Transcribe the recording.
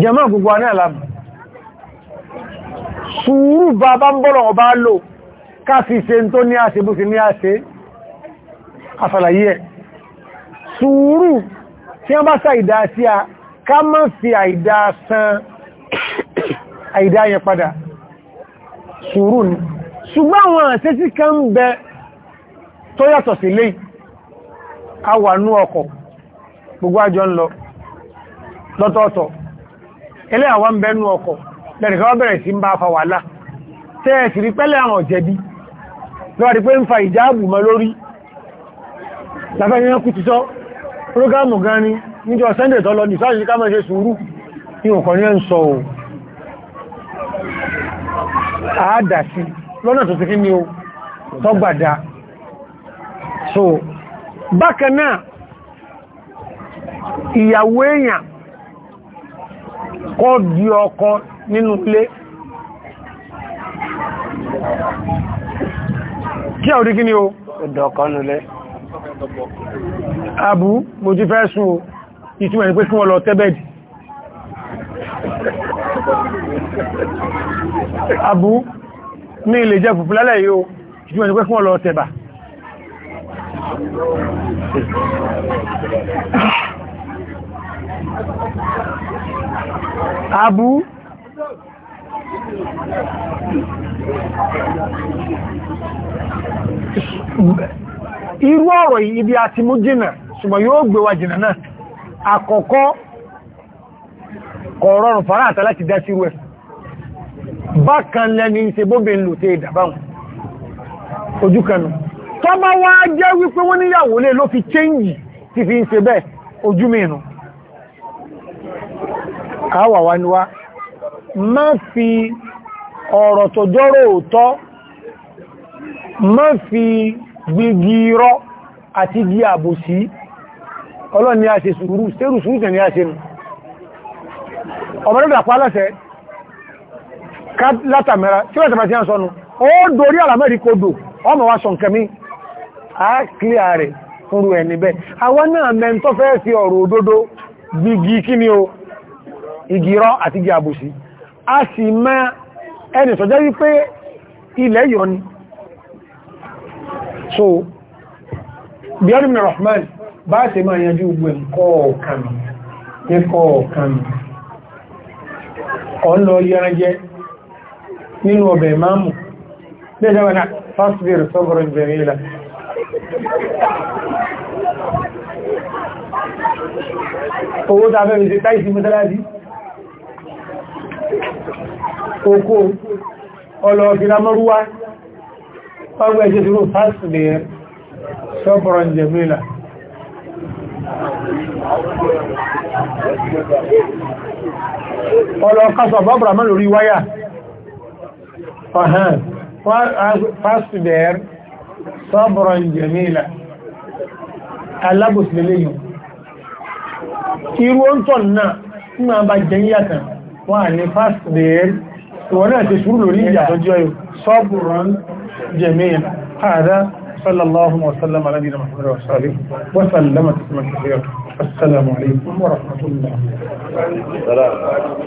jẹmọ́ gbogbo aná àlàmù sùúrù bá bá ń bọ́lọ̀ ọba lò káàfi ṣe tó ní àṣẹ bó fi ní àṣẹ àfàlàyé ẹ̀ sùúrù tí wọ́n bá sá ìdá sí a ká mọ́ fi àìdá san àìdá yẹn padà sùúrù ni ṣùgbọ́n àwọn àṣẹ́ sí lọ́tọ̀ọ̀tọ̀ ẹlẹ́ àwọn ń bẹnu ọkọ̀ lẹ́nìkan wọ́n bẹ̀rẹ̀ sí ń bá fa wàhálà tẹ́ ẹ̀ sì rí pẹ́lẹ̀ àwọn jẹ̀bi lọ́wọ́ di pé ń fa ìjáàbù mọ́ lórí lábẹ́yẹn kú ti ni níjọ sunday tọ́lọ ní sáàjì ká mọ́ ṣe sùúrù ní òkàn so bákan náà ìyàwó èèyàn kọ́ di ọkọ nínú ilé kí àwọn orí kí ni o ọ̀dọ̀ọ̀kọ́ nulẹ̀ abú mo ti fẹ́ sùn o ìtumẹ̀ ní pé kí wọ́n lọ tẹ́bẹ̀dì abú ní ilé jẹ́ fùfú lálẹ̀ yìí o ìtumẹ̀ ní pé kí wọ́n lọ tẹ́bà Thank you. abu irú ọ̀rọ̀ ibi àti mú jìnà ṣùgbọ́n yóò gbé wa jìnà náà àkọ́kọ́ kọ̀ọ̀rọ̀rùn fara àtà láti dá sí rẹ̀ bákan lẹ́ni ṣe bóbi lò tẹ́ ìdàbáhùn ojú kanú tọ́bá wá jẹ́ wípé wọ́n níyàwó fi ti fi ń ṣe àwà wa ni má fi ọ̀rọ̀ tó jọ́rọ̀ òótọ́ má fi gbígi ati àti gí àbòsí ọlọ́run ni a ṣe sùúrù sẹ́rù sùúrù tẹ̀ ni a ṣe nù ọ̀bọ̀lọ́dà pa aláṣẹ látàmẹ́ra tí wọ́n tẹ̀mẹ́ tí a ń ó dorí kodò ọmọ wa sọ̀nkẹ́mí a kílíà rẹ̀ fúnrú ẹni bẹ́ àwọn náà mẹ́ntọ́fẹ́ ọ̀rọ̀ ìgìrọ́ àti igi àbòsí a sì mẹ́ ẹni sọ̀jẹ́ wípé ilẹ̀ yọ ni so bí ọdún rahman bá ṣe máa yanjú gbogbo ẹ̀kọ́ọ̀kan ẹ̀kọ́ọ̀kan ọ̀nà yẹranjẹ́ nínú ọbẹ̀ ìmáàmù lẹ́jọ́ wọn fásitì sọ́bọ̀rọ̀ ìbẹ̀rẹ̀ ilẹ̀ owó tàbẹ̀rẹ̀ sí táìsí mẹ́tàlá oko ọlọ́ọ̀bìnà mọ́rúwá ọgbẹ̀ jẹ́ dúró fásitì lè ṣọ́bọ̀rọ̀ jẹ́mìlà ọlọ́ọ̀kásọ̀ bọ́bùrà mọ́ lórí wáyà ọ̀hán fásitì lè ṣọ́bọ̀rọ̀ jẹ́mìlà alábòsílẹ̀lẹ́yìn irú oúntọ̀ náà ń máa bá jẹ́ yàtàn wọ́n à ní fásitì lè ìwọ̀n náà ti ṣúrù lórí ìyàtọ̀ jẹ́ yóò sọ́bùrún jẹ́mìí ààrá sallallahu wasallam ala nabiyina muhammad wa sallam wa sallama tasliman kathira assalamu alaikum wa rahmatullah